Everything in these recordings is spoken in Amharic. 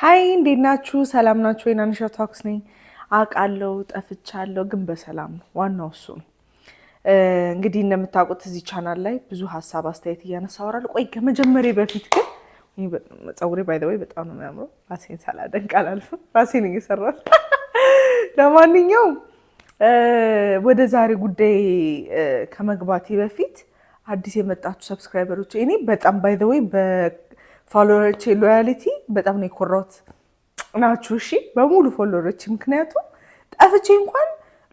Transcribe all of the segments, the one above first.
ሀይ እንዴት ናችሁ? ሰላም ናችሁ? የናንሻ ታክስ ነኝ። አውቃለሁ ጠፍቻለሁ፣ ግን በሰላም ነው። ዋናው እሱ ነው። እንግዲህ እንደምታውቁት እዚህ ቻናል ላይ ብዙ ሀሳብ አስተያየት እያነሳ አወራለሁ። ቆይ ከመጀመሪያ በፊት ግን ፀጉሬ ባይ ዘ ወይ በጣም ነው የሚያምረው። ራሴን ሳላደንቅ አላልፍም። ራሴን እየሰራሁ ለማንኛውም ወደ ዛሬ ጉዳይ ከመግባቴ በፊት አዲስ የመጣችሁ ሰብስክራይበሮች እኔ በጣም ባይ ዘ ወይ ፎሎወሮቼ ሎያሊቲ በጣም ነው የኮራሁት ናችሁ። እሺ በሙሉ ፎሎወሮች፣ ምክንያቱም ጠፍቼ እንኳን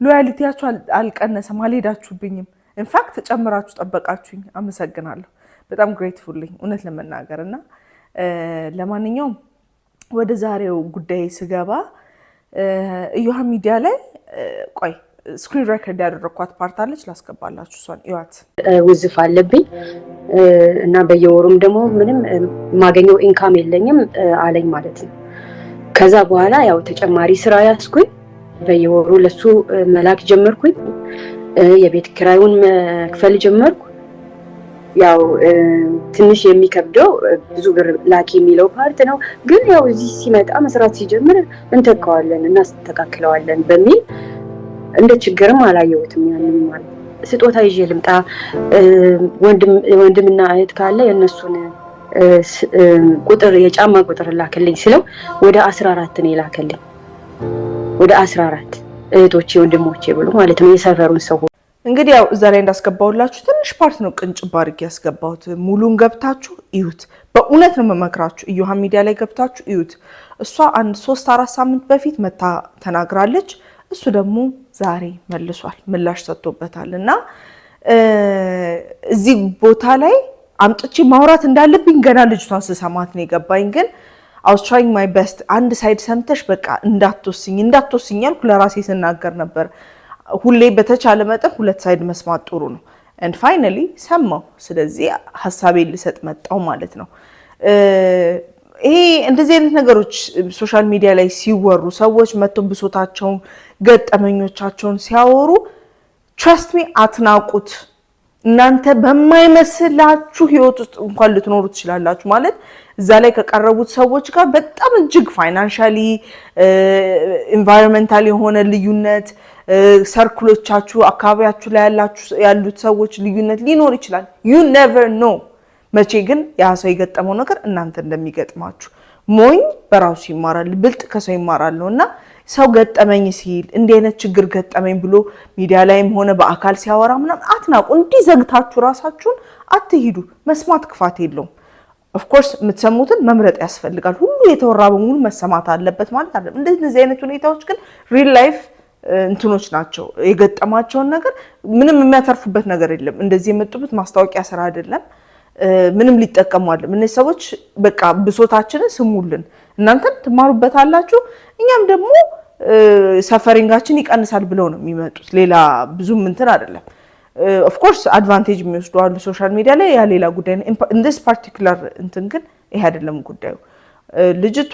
ሎያሊቲያችሁ አልቀነሰም፣ አልሄዳችሁብኝም። ኢንፋክት ጨምራችሁ ጠበቃችሁኝ። አመሰግናለሁ። በጣም ግሬትፉል ነኝ እውነት ለመናገር እና ለማንኛውም ወደ ዛሬው ጉዳይ ስገባ እዮሃ ሚዲያ ላይ ቆይ ስክሪን ሬከርድ ያደረግኳት ፓርት አለች፣ ላስገባላችሁ። እሷን ይዋት ውዝፍ አለብኝ እና በየወሩም ደግሞ ምንም የማገኘው ኢንካም የለኝም አለኝ ማለት ነው። ከዛ በኋላ ያው ተጨማሪ ስራ ያስኩኝ፣ በየወሩ ለሱ መላክ ጀመርኩኝ። የቤት ኪራዩን መክፈል ጀመርኩ። ያው ትንሽ የሚከብደው ብዙ ብር ላኪ የሚለው ፓርት ነው። ግን ያው እዚህ ሲመጣ መስራት ሲጀምር እንተካዋለን፣ እናስተካክለዋለን በሚል እንደ ችግርም አላየሁትም። ያንን ማለት ስጦታ ይዤ ልምጣ ወንድምና እህት ካለ የእነሱን ቁጥር የጫማ ቁጥር ላክልኝ ስለው ወደ አስራ አራት ነው የላከልኝ። ወደ አስራ አራት እህቶቼ ወንድሞቼ ብሎ ማለት ነው የሰፈሩን ሰው እንግዲህ ያው እዛ ላይ እንዳስገባውላችሁ ትንሽ ፓርት ነው ቅንጭ ባርግ ያስገባሁት። ሙሉን ገብታችሁ እዩት። በእውነት ነው መመክራችሁ፣ እዮሀ ሚዲያ ላይ ገብታችሁ እዩት። እሷ አንድ ሶስት አራት ሳምንት በፊት መታ ተናግራለች። እሱ ደግሞ ዛሬ መልሷል፣ ምላሽ ሰጥቶበታል። እና እዚህ ቦታ ላይ አምጥቼ ማውራት እንዳለብኝ ገና ልጅቷን ስሰማት ነው የገባኝ። ግን አውስትራይንግ ማይ በስት አንድ ሳይድ ሰምተሽ በቃ እንዳትወስኝ እንዳትወስኝ ያልኩ ለራሴ ስናገር ነበር። ሁሌ በተቻለ መጠን ሁለት ሳይድ መስማት ጥሩ ነው። ኤንድ ፋይናሊ ሰማው። ስለዚህ ሀሳቤን ልሰጥ መጣው ማለት ነው። ይሄ እንደዚህ አይነት ነገሮች ሶሻል ሚዲያ ላይ ሲወሩ ሰዎች መጥቶ ብሶታቸውን ገጠመኞቻቸውን ሲያወሩ ትረስት ሚ አትናቁት። እናንተ በማይመስላችሁ ህይወት ውስጥ እንኳን ልትኖሩ ትችላላችሁ። ማለት እዛ ላይ ከቀረቡት ሰዎች ጋር በጣም እጅግ ፋይናንሻሊ ኢንቫይሮንመንታል የሆነ ልዩነት፣ ሰርክሎቻችሁ፣ አካባቢያችሁ ላይ ያሉት ሰዎች ልዩነት ሊኖር ይችላል። ዩ ኔቨር ኖ መቼ ግን ያ ሰው የገጠመው ነገር እናንተ እንደሚገጥማችሁ። ሞኝ በራሱ ይማራል፣ ብልጥ ከሰው ይማራል ነው እና ሰው ገጠመኝ ሲል እንዲህ አይነት ችግር ገጠመኝ ብሎ ሚዲያ ላይም ሆነ በአካል ሲያወራ ምናምን አትናቁ። እንዲህ ዘግታችሁ ራሳችሁን አትሂዱ። መስማት ክፋት የለውም። ኦፍኮርስ የምትሰሙትን መምረጥ ያስፈልጋል። ሁሉ የተወራ በሙሉ መሰማት አለበት ማለት አለ። እንደዚህ አይነት ሁኔታዎች ግን ሪል ላይፍ እንትኖች ናቸው። የገጠማቸውን ነገር ምንም የሚያተርፉበት ነገር የለም። እንደዚህ የመጡበት ማስታወቂያ ስራ አይደለም። ምንም ሊጠቀሙ አይደለም። እነዚህ ሰዎች በቃ ብሶታችንን ስሙልን፣ እናንተም ትማሩበታላችሁ፣ እኛም ደግሞ ሰፈሪንጋችን ይቀንሳል ብለው ነው የሚመጡት። ሌላ ብዙም እንትን አይደለም። ኦፍኮርስ አድቫንቴጅ የሚወስዱ አሉ ሶሻል ሚዲያ ላይ፣ ያ ሌላ ጉዳይ ነው። እንደስ ፓርቲኩላር እንትን ግን ይሄ አይደለም ጉዳዩ። ልጅቷ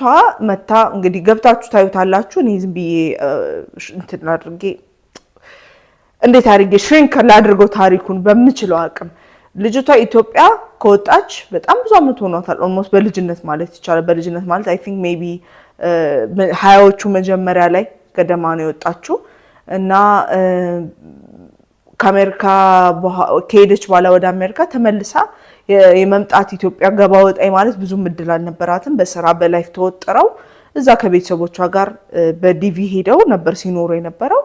መታ እንግዲህ ገብታችሁ ታዩታላችሁ። እኔ ዝም ብዬ እንትን አድርጌ እንዴት አድርጌ ሽሪንክ ላድርገው ታሪኩን በምችለው አቅም ልጅቷ ኢትዮጵያ ከወጣች በጣም ብዙ ዓመት ሆኗታል። ኦልሞስት በልጅነት ማለት ይቻላል። በልጅነት ማለት አይ ቲንክ ሜይ ቢ ሀያዎቹ መጀመሪያ ላይ ገደማ ነው የወጣችው እና ከአሜሪካ ከሄደች በኋላ ወደ አሜሪካ ተመልሳ የመምጣት ኢትዮጵያ ገባ ወጣኝ ማለት ብዙም እድል አልነበራትም። በስራ በላይፍ ተወጥረው እዛ ከቤተሰቦቿ ጋር በዲቪ ሄደው ነበር ሲኖሩ የነበረው።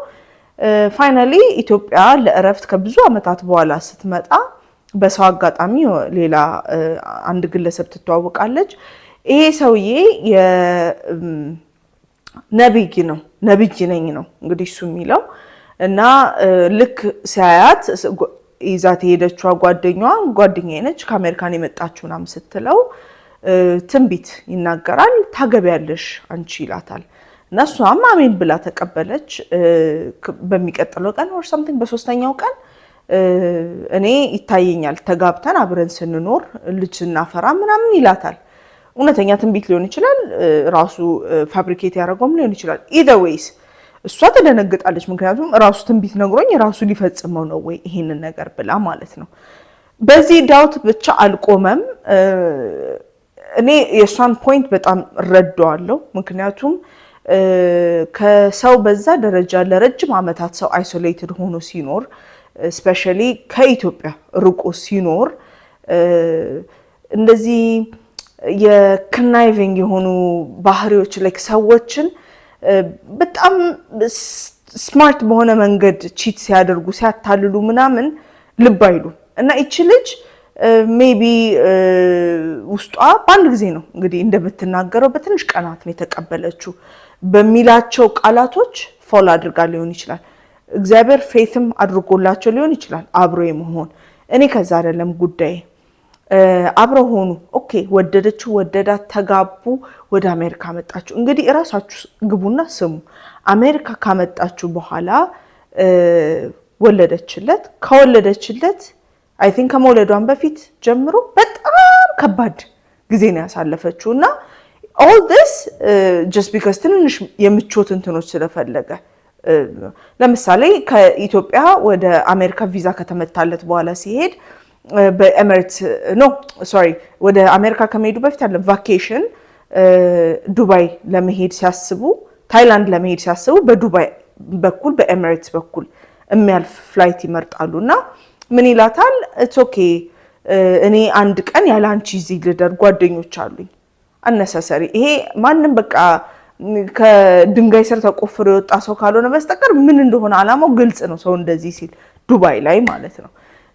ፋይናሊ ኢትዮጵያ ለእረፍት ከብዙ ዓመታት በኋላ ስትመጣ በሰው አጋጣሚ ሌላ አንድ ግለሰብ ትተዋወቃለች። ይሄ ሰውዬ ነቢይ ነው ነቢይ ነኝ ነው እንግዲህ እሱ የሚለው እና ልክ ሲያያት ይዛት የሄደችዋ ጓደኛዋ ጓደኛ ነች ከአሜሪካን የመጣችው ስትለው ትንቢት ይናገራል። ታገቢያለሽ አንቺ ይላታል። እና እሷም አሜን ብላ ተቀበለች። በሚቀጥለው ቀን ወር ሳምቲንግ በሶስተኛው ቀን እኔ ይታየኛል ተጋብተን አብረን ስንኖር ልጅ ስናፈራ ምናምን ይላታል። እውነተኛ ትንቢት ሊሆን ይችላል፣ ራሱ ፋብሪኬት ያደረገውም ሊሆን ይችላል። ኢዘር ዌይስ እሷ ተደነግጣለች። ምክንያቱም ራሱ ትንቢት ነግሮኝ ራሱ ሊፈጽመው ነው ወይ ይሄንን ነገር ብላ ማለት ነው። በዚህ ዳውት ብቻ አልቆመም። እኔ የእሷን ፖይንት በጣም እረዳዋለሁ። ምክንያቱም ከሰው በዛ ደረጃ ለረጅም ዓመታት ሰው አይሶሌትድ ሆኖ ሲኖር ስፔሻሊ ከኢትዮጵያ ርቆ ሲኖር እንደዚህ የክናይቪንግ የሆኑ ባህሪዎች ላይክ ሰዎችን በጣም ስማርት በሆነ መንገድ ቺት ሲያደርጉ ሲያታልሉ ምናምን ልብ አይሉ እና ይቺ ልጅ ሜቢ ውስጧ በአንድ ጊዜ ነው እንግዲህ እንደምትናገረው በትንሽ ቀናት ነው የተቀበለችው በሚላቸው ቃላቶች ፎል አድርጋ ሊሆን ይችላል። እግዚአብሔር ፌትም አድርጎላቸው ሊሆን ይችላል አብሮ የመሆን እኔ ከዛ አይደለም ጉዳይ አብረ ሆኑ። ኦኬ ወደደችው፣ ወደዳት፣ ተጋቡ፣ ወደ አሜሪካ መጣችሁ። እንግዲህ እራሳችሁ ግቡና ስሙ። አሜሪካ ካመጣችሁ በኋላ ወለደችለት። ከወለደችለት አይ ቲንክ ከመውለዷን በፊት ጀምሮ በጣም ከባድ ጊዜ ነው ያሳለፈችው እና ኦል ዲስ ጀስት ትንንሽ የምቾት እንትኖች ስለፈለገ ለምሳሌ ከኢትዮጵያ ወደ አሜሪካ ቪዛ ከተመታለት በኋላ ሲሄድ በኤምሬት ኖ ሶሪ ወደ አሜሪካ ከመሄዱ በፊት ያለ ቫኬሽን ዱባይ ለመሄድ ሲያስቡ፣ ታይላንድ ለመሄድ ሲያስቡ በዱባይ በኩል በኤምሬትስ በኩል የሚያልፍ ፍላይት ይመርጣሉ እና ምን ይላታል? ኢትስ ኦኬ እኔ አንድ ቀን ያለ አንቺ እዚህ ልደር ጓደኞች አሉኝ። አነሳሰሪ ይሄ ማንም በቃ ከድንጋይ ስር ተቆፍሮ የወጣ ሰው ካልሆነ በስተቀር ምን እንደሆነ አላማው ግልጽ ነው። ሰው እንደዚህ ሲል ዱባይ ላይ ማለት ነው።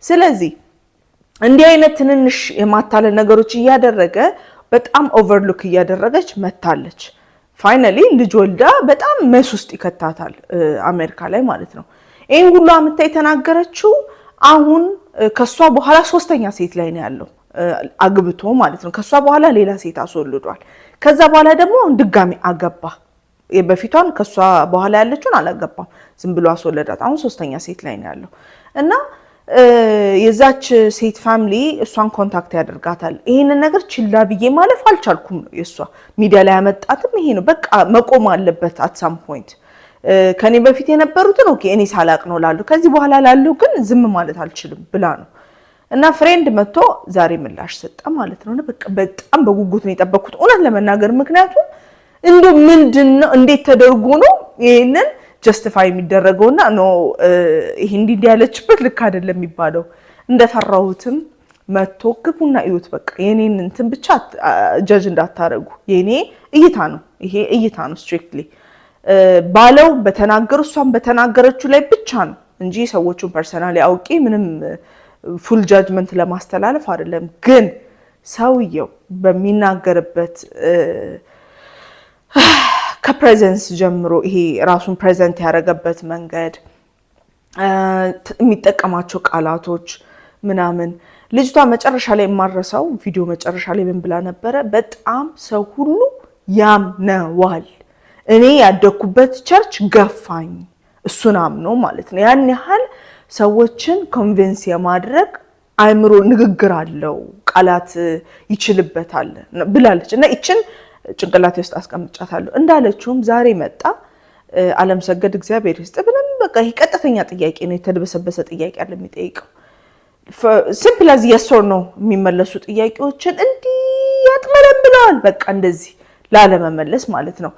ስለዚህ እንዲህ አይነት ትንንሽ የማታለል ነገሮች እያደረገ በጣም ኦቨርሉክ እያደረገች መታለች። ፋይናሊ ልጅ ወልዳ በጣም መስ ውስጥ ይከታታል አሜሪካ ላይ ማለት ነው። ይህን ሁሉ አምታ የተናገረችው አሁን ከሷ በኋላ ሶስተኛ ሴት ላይ ነው ያለው አግብቶ ማለት ነው። ከሷ በኋላ ሌላ ሴት አስወልዷል። ከዛ በኋላ ደግሞ ድጋሚ አገባ። በፊቷን ከሷ በኋላ ያለችውን አላገባም፣ ዝም ብሎ አስወለዳት። አሁን ሶስተኛ ሴት ላይ ነው ያለው እና የዛች ሴት ፋሚሊ እሷን ኮንታክት ያደርጋታል። ይህንን ነገር ችላ ብዬ ማለፍ አልቻልኩም ነው የእሷ ሚዲያ ላይ ያመጣትም ይሄ ነው። በቃ መቆም አለበት አትሳም ፖይንት ከኔ በፊት የነበሩትን ኦኬ እኔ ሳላቅ ነው ላሉ ከዚህ በኋላ ላሉ ግን ዝም ማለት አልችልም ብላ ነው እና ፍሬንድ መጥቶ ዛሬ ምላሽ ሰጠ ማለት ነው። በጣም በጉጉት ነው የጠበቅኩት እውነት ለመናገር ምክንያቱም እንዶ ምንድን ነው እንዴት ተደርጎ ነው ይህንን ጀስቲፋይ የሚደረገውና ኖ ይሄ እንዲህ ያለችበት ልክ አይደለም የሚባለው። እንደፈራሁትም መጥቶ ግቡና እዩት፣ በቃ የኔን እንትን ብቻ ጀጅ እንዳታረጉ፣ የኔ እይታ ነው ይሄ እይታ ነው ስትሪክትሊ ባለው በተናገሩ እሷን በተናገረችው ላይ ብቻ ነው እንጂ ሰዎቹን ፐርሰናሊ አውቄ ምንም ፉል ጃጅመንት ለማስተላለፍ አይደለም፣ ግን ሰውየው በሚናገርበት ከፕሬዘንስ ጀምሮ ይሄ ራሱን ፕሬዘንት ያደረገበት መንገድ፣ የሚጠቀማቸው ቃላቶች ምናምን ልጅቷ መጨረሻ ላይ የማረሰው ቪዲዮ መጨረሻ ላይ ምን ብላ ነበረ? በጣም ሰው ሁሉ ያምነዋል። እኔ ያደግኩበት ቸርች ገፋኝ፣ እሱን አምኖ ማለት ነው ያን ያህል ሰዎችን ኮንቬንስ የማድረግ አእምሮ ንግግር አለው፣ ቃላት ይችልበታል ብላለች እና ይችን ጭንቅላቴ ውስጥ አስቀምጫታለሁ። እንዳለችውም ዛሬ መጣ አለም ሰገድ እግዚአብሔር ይስጥ ብንም በቃ ይህ ቀጥተኛ ጥያቄ ነው። የተደበሰበሰ ጥያቄ አለ የሚጠይቀው ሲምፕል አዝ የስ ኦር ኖ የሚመለሱ ጥያቄዎችን እንዲህ ያጥመለምለዋል። በቃ እንደዚህ ላለመመለስ ማለት ነው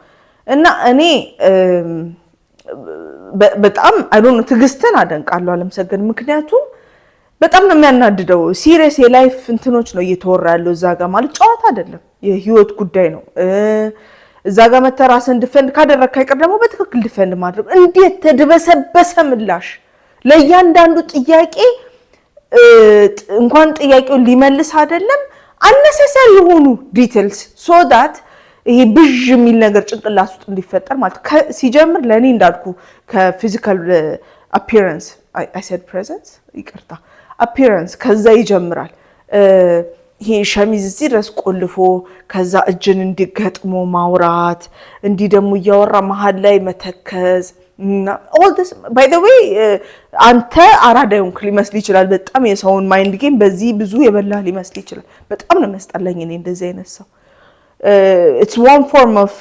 እና እኔ በጣም አይዶ ትዕግስትን አደንቃለሁ አለምሰገድ። ምክንያቱም በጣም ነው የሚያናድደው። ሲሪየስ የላይፍ እንትኖች ነው እየተወራ ያለው እዛ ጋር። ማለት ጨዋታ አይደለም፣ የህይወት ጉዳይ ነው። እዛ ጋር መተህ ራስህን ድፈንድ ካደረግ ካይቀር ደግሞ በትክክል ድፈንድ ማድረግ። እንዴት ተድበሰበሰ ምላሽ ለእያንዳንዱ ጥያቄ እንኳን ጥያቄውን ሊመልስ አይደለም አነሰሰሪ የሆኑ ዲቴልስ ሶ ዳት ይሄ ብዥ የሚል ነገር ጭንቅላት ውስጥ እንዲፈጠር ማለት ሲጀምር ለእኔ እንዳልኩ ከፊዚካል አፒረንስ አይሰድ ፕሬዘንስ ይቅርታ አፒረንስ ከዛ ይጀምራል። ይሄ ሸሚዝ እዚህ ድረስ ቆልፎ ከዛ እጅን እንዲገጥሞ ማውራት እንዲህ ደግሞ እያወራ መሀል ላይ መተከዝ ባይ ዘ ዌይ አንተ አራዳ ሆንክ ሊመስል ይችላል። በጣም የሰውን ማይንድ ጌም በዚህ ብዙ የበላህ ሊመስል ይችላል። በጣም ነው የሚያስጠላኝ እኔ እንደዚህ አይነት ሰው ኢትስ ዋን ፎርም ኦፍ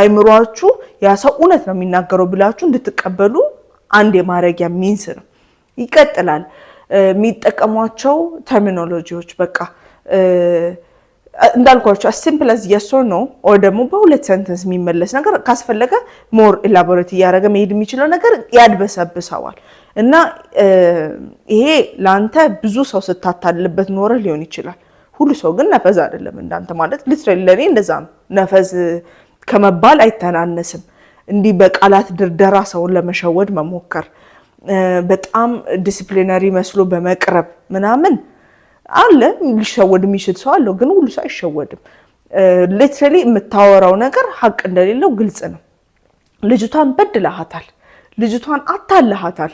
አይምሯችሁ ያ ሰው እውነት ነው የሚናገረው ብላችሁ እንድትቀበሉ አንድ የማድረጊያ ሚንስ ነው። ይቀጥላል uh, የሚጠቀሟቸው ተርሚኖሎጂዎች በቃ እንዳልኳቸው አሲምፕል አዝ የስ ኦር ኖ ኦር ደግሞ በሁለት ሰንተንስ የሚመለስ ነገር ካስፈለገ ሞር ኢላቦሬት እያደረገ መሄድ የሚችለው ነገር ያድበሰብሰዋል። እና uh, ይሄ ለአንተ ብዙ ሰው ስታታልበት ኖረህ ሊሆን ይችላል ሁሉ ሰው ግን ነፈዝ አይደለም እንዳንተ ማለት ሊትራሊ ለእኔ እንደዛ ነው። ነፈዝ ከመባል አይተናነስም። እንዲህ በቃላት ድርደራ ሰውን ለመሸወድ መሞከር፣ በጣም ዲስፕሊነሪ መስሎ በመቅረብ ምናምን አለ። ሊሸወድ የሚችል ሰው አለው፣ ግን ሁሉ ሰው አይሸወድም። ሊትራሊ የምታወራው ነገር ሀቅ እንደሌለው ግልጽ ነው። ልጅቷን በድለሃታል፣ ልጅቷን አታለሃታል።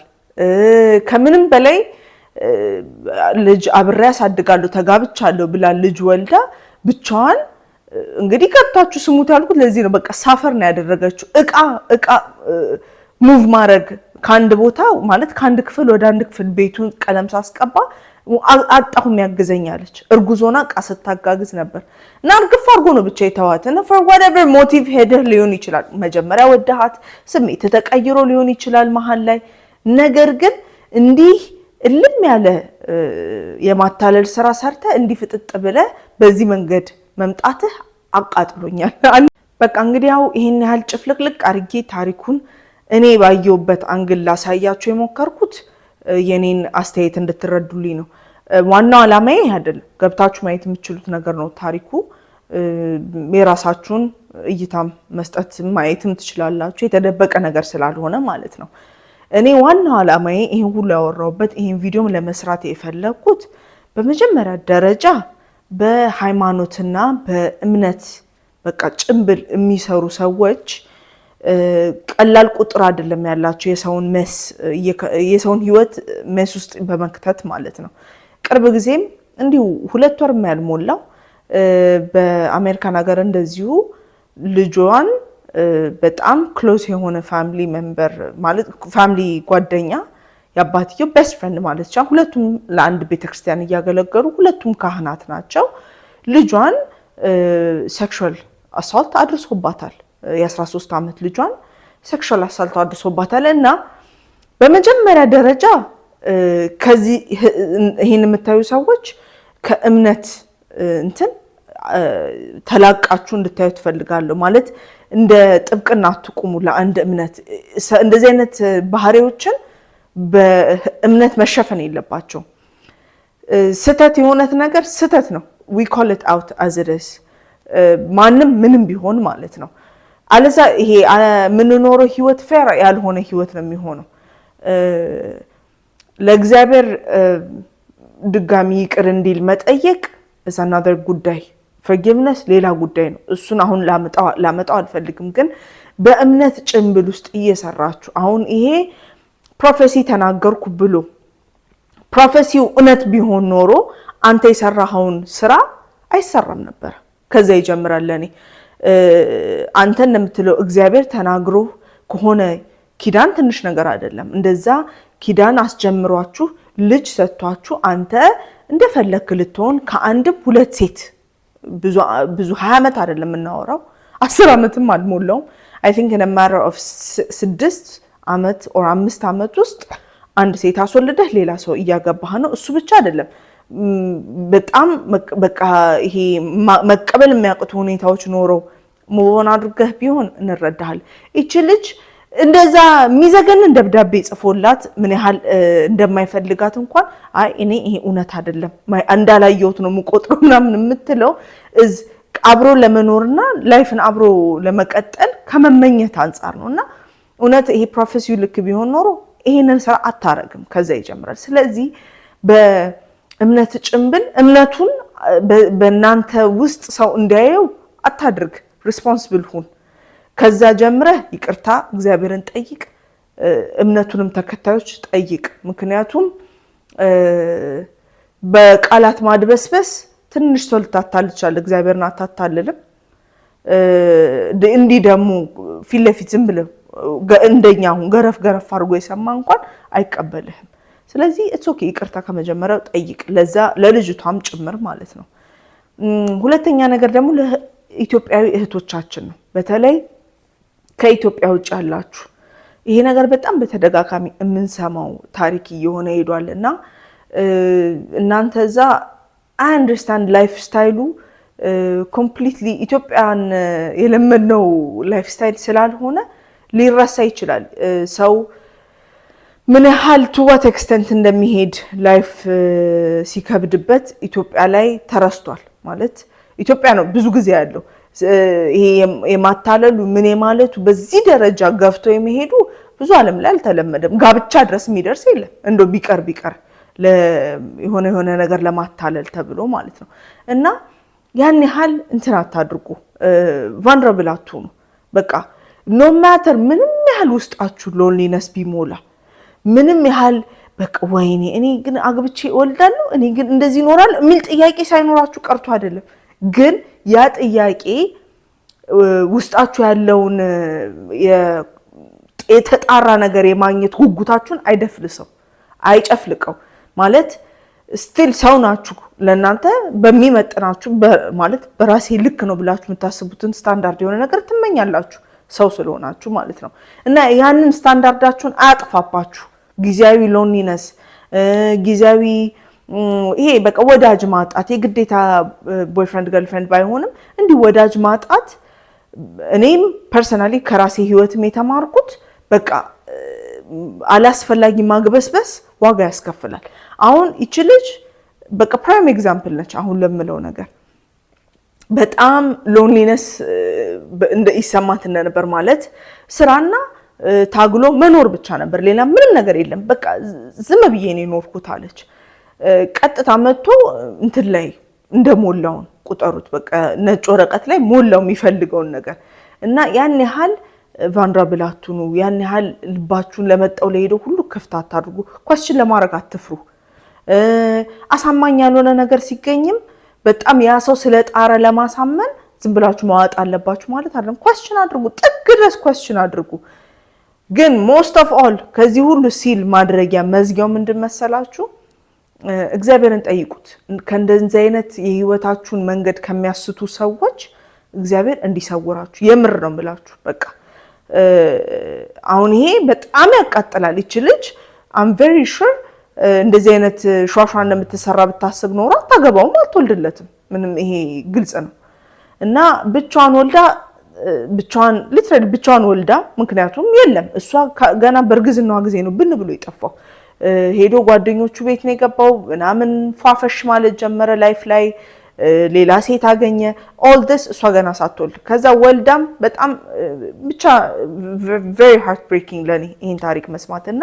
ከምንም በላይ ልጅ አብሬ ያሳድጋለሁ ተጋብቻለሁ ብላ ልጅ ወልዳ ብቻዋን እንግዲህ ገብታችሁ ስሙት ያልኩት ለዚህ ነው። በቃ ሳፈር ነው ያደረገችው። እቃ እቃ ሙቭ ማድረግ ከአንድ ቦታ ማለት ከአንድ ክፍል ወደ አንድ ክፍል ቤቱን ቀለም ሳስቀባ አጣሁ የሚያግዘኝ አለች። እርጉዞና እቃ ስታጋግዝ ነበር እና እርግፍ አድርጎ ነው ብቻ የተዋት እና ፎር ዋትኤቨር ሞቲቭ ሄደህ ሊሆን ይችላል። መጀመሪያ ወደሃት ስሜት ተቀይሮ ሊሆን ይችላል መሀል ላይ ነገር ግን እንዲህ እልም ያለ የማታለል ስራ ሰርተ እንዲህ ፍጥጥ ብለ በዚህ መንገድ መምጣትህ አቃጥሎኛል። በቃ እንግዲህ ያው ይህን ያህል ጭፍልቅልቅ አድርጌ ታሪኩን እኔ ባየሁበት አንግል ላሳያችሁ የሞከርኩት የኔን አስተያየት እንድትረዱልኝ ነው። ዋናው ዓላማዬ ይህ አይደለም። ገብታችሁ ማየት የምትችሉት ነገር ነው ታሪኩ። የራሳችሁን እይታም መስጠት ማየትም ትችላላችሁ፣ የተደበቀ ነገር ስላልሆነ ማለት ነው። እኔ ዋናው ዓላማዬ ይህን ሁሉ ያወራሁበት ይህን ቪዲዮም ለመስራት የፈለግኩት በመጀመሪያ ደረጃ በሃይማኖትና በእምነት በቃ ጭንብል የሚሰሩ ሰዎች ቀላል ቁጥር አይደለም ያላቸው የሰውን መስ የሰውን ህይወት መስ ውስጥ በመክተት ማለት ነው። ቅርብ ጊዜም እንዲሁ ሁለት ወር ያልሞላው በአሜሪካን ሀገር እንደዚሁ ልጇን በጣም ክሎዝ የሆነ ፋሚሊ ሜምበር ማለት ፋሚሊ ጓደኛ የአባትየው ቤስት ፍሬንድ ማለት ይቻላል። ሁለቱም ለአንድ ቤተክርስቲያን እያገለገሉ ሁለቱም ካህናት ናቸው። ልጇን ሴክሹዋል አሳልት አድርሶባታል። የ13 ዓመት ልጇን ሴክሹዋል አሳልት አድርሶባታል እና በመጀመሪያ ደረጃ ከዚህ ይህን የምታዩ ሰዎች ከእምነት እንትን ተላቃችሁ እንድታዩ ትፈልጋለሁ። ማለት እንደ ጥብቅና አትቁሙ ለአንድ እምነት። እንደዚህ አይነት ባህሪዎችን በእምነት መሸፈን የለባቸው። ስህተት የሆነት ነገር ስህተት ነው። ዊ ኮል ኢት አውት አዝ ኢት ኢዝ ማንም ምንም ቢሆን ማለት ነው። አለዛ ይሄ የምንኖረው ህይወት ፌር ያልሆነ ህይወት ነው የሚሆነው። ለእግዚአብሔር ድጋሚ ይቅር እንዲል መጠየቅ እዛ ናደር ጉዳይ ፎርጊቭነስ ሌላ ጉዳይ ነው። እሱን አሁን ላመጣው አልፈልግም። ግን በእምነት ጭንብል ውስጥ እየሰራችሁ አሁን ይሄ ፕሮፌሲ ተናገርኩ ብሎ ፕሮፌሲው እውነት ቢሆን ኖሮ አንተ የሰራኸውን ስራ አይሰራም ነበር። ከዛ ይጀምራል። ለእኔ አንተ እንደምትለው እግዚአብሔር ተናግሮ ከሆነ ኪዳን ትንሽ ነገር አይደለም። እንደዛ ኪዳን አስጀምሯችሁ ልጅ ሰጥቷችሁ አንተ እንደፈለክ ልትሆን ከአንድም ሁለት ሴት ብዙ ሀያ ዓመት አይደለም የምናወራው፣ አስር ዓመትም አልሞላውም። አይ ቲንክ ኢን ማተር ኦፍ ስድስት ዓመት ኦር አምስት ዓመት ውስጥ አንድ ሴት አስወልደህ ሌላ ሰው እያገባህ ነው። እሱ ብቻ አይደለም በጣም በቃ ይሄ መቀበል የሚያውቅቱ ሁኔታዎች ኖረው መሆን አድርገህ ቢሆን እንረዳሃል። ይቺ ልጅ እንደዛ የሚዘገንን ደብዳቤ ጽፎላት ምን ያህል እንደማይፈልጋት እንኳን አይ እኔ ይሄ እውነት አይደለም እንዳላየሁት ነው የምቆጥረው ምናምን የምትለው እዝ አብሮ ለመኖርና ላይፍን አብሮ ለመቀጠል ከመመኘት አንጻር ነው። እና እውነት ይሄ ፕሮፌሲው ልክ ቢሆን ኖሮ ይሄንን ስራ አታረግም፣ ከዛ ይጀምራል። ስለዚህ በእምነት ጭንብል እምነቱን በእናንተ ውስጥ ሰው እንዲያየው አታድርግ፣ ሪስፖንስብል ሁን። ከዛ ጀምረህ ይቅርታ እግዚአብሔርን ጠይቅ፣ እምነቱንም ተከታዮች ጠይቅ። ምክንያቱም በቃላት ማድበስበስ ትንሽ ሰው ልታታልል ትችላለህ፣ እግዚአብሔርን አታታልልም። እንዲህ ደግሞ ፊት ለፊት ዝም ብለህ እንደኛ አሁን ገረፍ ገረፍ አድርጎ የሰማ እንኳን አይቀበልህም። ስለዚህ ኢትስ ኦኬ ይቅርታ ከመጀመሪያው ጠይቅ፣ ለዛ ለልጅቷም ጭምር ማለት ነው። ሁለተኛ ነገር ደግሞ ለኢትዮጵያዊ እህቶቻችን ነው በተለይ ከኢትዮጵያ ውጭ ያላችሁ ይሄ ነገር በጣም በተደጋጋሚ የምንሰማው ታሪክ እየሆነ ሄዷል እና እናንተ እዛ አይ አንደርስታንድ ላይፍ ስታይሉ ኮምፕሊትሊ ኢትዮጵያን የለመድነው ላይፍ ስታይል ስላልሆነ ሊረሳ ይችላል። ሰው ምን ያህል ቱ ዋት ኤክስተንት እንደሚሄድ ላይፍ ሲከብድበት ኢትዮጵያ ላይ ተረስቷል ማለት ኢትዮጵያ ነው ብዙ ጊዜ ያለው ይሄ የማታለሉ ምን ማለቱ በዚህ ደረጃ ገፍቶ የሚሄዱ ብዙ ዓለም ላይ አልተለመደም። ጋብቻ ድረስ የሚደርስ የለም እንዶ ቢቀር ቢቀር የሆነ የሆነ ነገር ለማታለል ተብሎ ማለት ነው። እና ያን ያህል እንትን አታድርጉ፣ ቫንረብል አትሁኑ። በቃ ኖ ማተር ምንም ያህል ውስጣችሁ ሎንሊነስ ቢሞላ ምንም ያህል በቃ ወይኔ እኔ ግን አግብቼ እወልዳለሁ እኔ ግን እንደዚህ ይኖራል የሚል ጥያቄ ሳይኖራችሁ ቀርቶ አይደለም ግን ያ ጥያቄ ውስጣችሁ ያለውን የተጣራ ነገር የማግኘት ጉጉታችሁን አይደፍልሰው፣ አይጨፍልቀው። ማለት ስቲል ሰው ናችሁ። ለእናንተ በሚመጥናችሁ ማለት በራሴ ልክ ነው ብላችሁ የምታስቡትን ስታንዳርድ የሆነ ነገር ትመኛላችሁ፣ ሰው ስለሆናችሁ ማለት ነው። እና ያንን ስታንዳርዳችሁን አያጥፋባችሁ። ጊዜያዊ ሎኒነስ ጊዜያዊ ይሄ በቃ ወዳጅ ማጣት የግዴታ ቦይፍሬንድ ገርልፍሬንድ ባይሆንም እንዲህ ወዳጅ ማጣት እኔም ፐርሰናሊ ከራሴ ህይወትም የተማርኩት በቃ አላስፈላጊ ማግበስበስ ዋጋ ያስከፍላል። አሁን ይች ልጅ በቃ ፕራይም ኤግዛምፕል ነች። አሁን ለምለው ነገር በጣም ሎንሊነስ ይሰማት እንደነበር ማለት ስራና ታግሎ መኖር ብቻ ነበር፣ ሌላ ምንም ነገር የለም። በቃ ዝም ብዬ ነው የኖርኩት አለች። ቀጥታ መጥቶ እንትን ላይ እንደሞላውን ቁጠሩት። በቃ ነጭ ወረቀት ላይ ሞላው የሚፈልገውን ነገር እና ያን ያህል ቫንራብል አትኑ። ያን ያህል ልባችሁን ለመጣው ለሄደው ሁሉ ክፍት አታድርጉ። ኳስችን ለማድረግ አትፍሩ። አሳማኝ ያልሆነ ነገር ሲገኝም በጣም ያ ሰው ስለጣረ ለማሳመን ዝም ብላችሁ ማዋጥ አለባችሁ ማለት አይደለም። ኳስችን አድርጉ፣ ጥግ ድረስ ኳስችን አድርጉ። ግን ሞስት ኦፍ ኦል ከዚህ ሁሉ ሲል ማድረጊያ መዝጊያው ምንድን መሰላችሁ? እግዚአብሔርን ጠይቁት። ከእንደዚህ አይነት የህይወታችሁን መንገድ ከሚያስቱ ሰዎች እግዚአብሔር እንዲሰውራችሁ የምር ነው የምላችሁ። በቃ አሁን ይሄ በጣም ያቃጥላል። ይች ልጅ አም ቬሪ ሹር እንደዚህ አይነት ሿሿ እንደምትሰራ ብታስብ ኖሮ አታገባውም፣ አትወልድለትም። ምንም ይሄ ግልጽ ነው እና ብቻዋን ወልዳ ብቻዋን ልትረድ ብቻዋን ወልዳ ምክንያቱም የለም እሷ ገና በእርግዝናዋ ጊዜ ነው ብን ብሎ የጠፋው ሄዶ ጓደኞቹ ቤት ነው የገባው ምናምን ፏፈሽ ማለት ጀመረ ላይፍ ላይ ሌላ ሴት አገኘ። ኦል ዲስ እሷ ገና ሳትወልድ ከዛ ወልዳም በጣም ብቻ ቨሪ ሃርት ብሬኪንግ ለኔ ይህን ታሪክ መስማት እና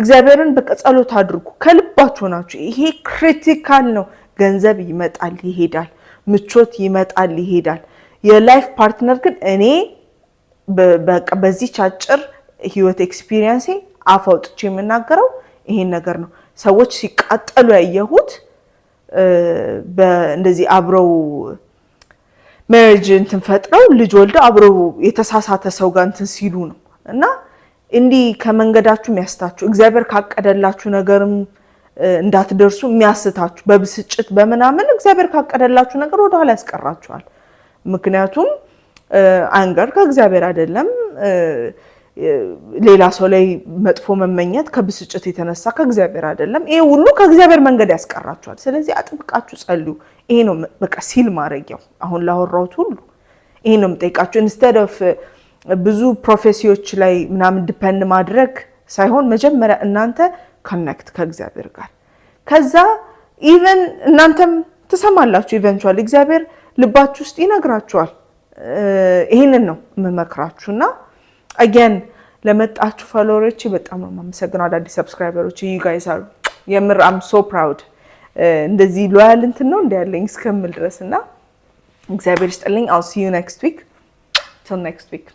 እግዚአብሔርን በቃ ጸሎት አድርጉ ከልባችሁ ናችሁ። ይሄ ክሪቲካል ነው። ገንዘብ ይመጣል ይሄዳል፣ ምቾት ይመጣል ይሄዳል። የላይፍ ፓርትነር ግን እኔ በዚች አጭር ህይወት ኤክስፒሪየንሴ አፍ አውጥቼ የምናገረው ይሄን ነገር ነው። ሰዎች ሲቃጠሉ ያየሁት እንደዚህ አብረው ሜሬጅ እንትን ፈጥረው ልጅ ወልደው አብረው የተሳሳተ ሰው ጋር እንትን ሲሉ ነው እና እንዲህ ከመንገዳችሁ የሚያስታችሁ እግዚአብሔር ካቀደላችሁ ነገርም እንዳትደርሱ የሚያስታችሁ በብስጭት በምናምን እግዚአብሔር ካቀደላችሁ ነገር ወደኋላ ያስቀራችኋል። ምክንያቱም አንገር ከእግዚአብሔር አይደለም። ሌላ ሰው ላይ መጥፎ መመኘት ከብስጭት የተነሳ ከእግዚአብሔር አይደለም። ይሄ ሁሉ ከእግዚአብሔር መንገድ ያስቀራችኋል። ስለዚህ አጥብቃችሁ ጸልዩ። ይሄ ነው በቃ ሲል ማድረጊያው። አሁን ላወራሁት ሁሉ ይሄ ነው የምጠይቃችሁ። ኢንስቴድ ኦፍ uh, ብዙ ፕሮፌሲዎች ላይ ምናምን ዲፐንድ ማድረግ ሳይሆን መጀመሪያ እናንተ ከነክት ከእግዚአብሔር ጋር ከዛ ኢቨን እናንተም ትሰማላችሁ። ኢቨንቹዋል እግዚአብሔር ልባችሁ ውስጥ ይነግራችኋል። uh, ይህንን ነው የምመክራችሁና አገን ለመጣችሁ ፎሎወሮች በጣም ነው የማመሰግነው። አዳዲስ ሰብስክራይበሮች ዩ ጋይስ አር የምር አም ሶ ፕራውድ እንደዚህ ሎያል እንትን ነው እንደ ያለኝ እስከምል ድረስ እና እግዚአብሔር ይስጥልኝ። አል ሲ ዩ ኔክስት ዊክ ቲል ኔክስት ዊክ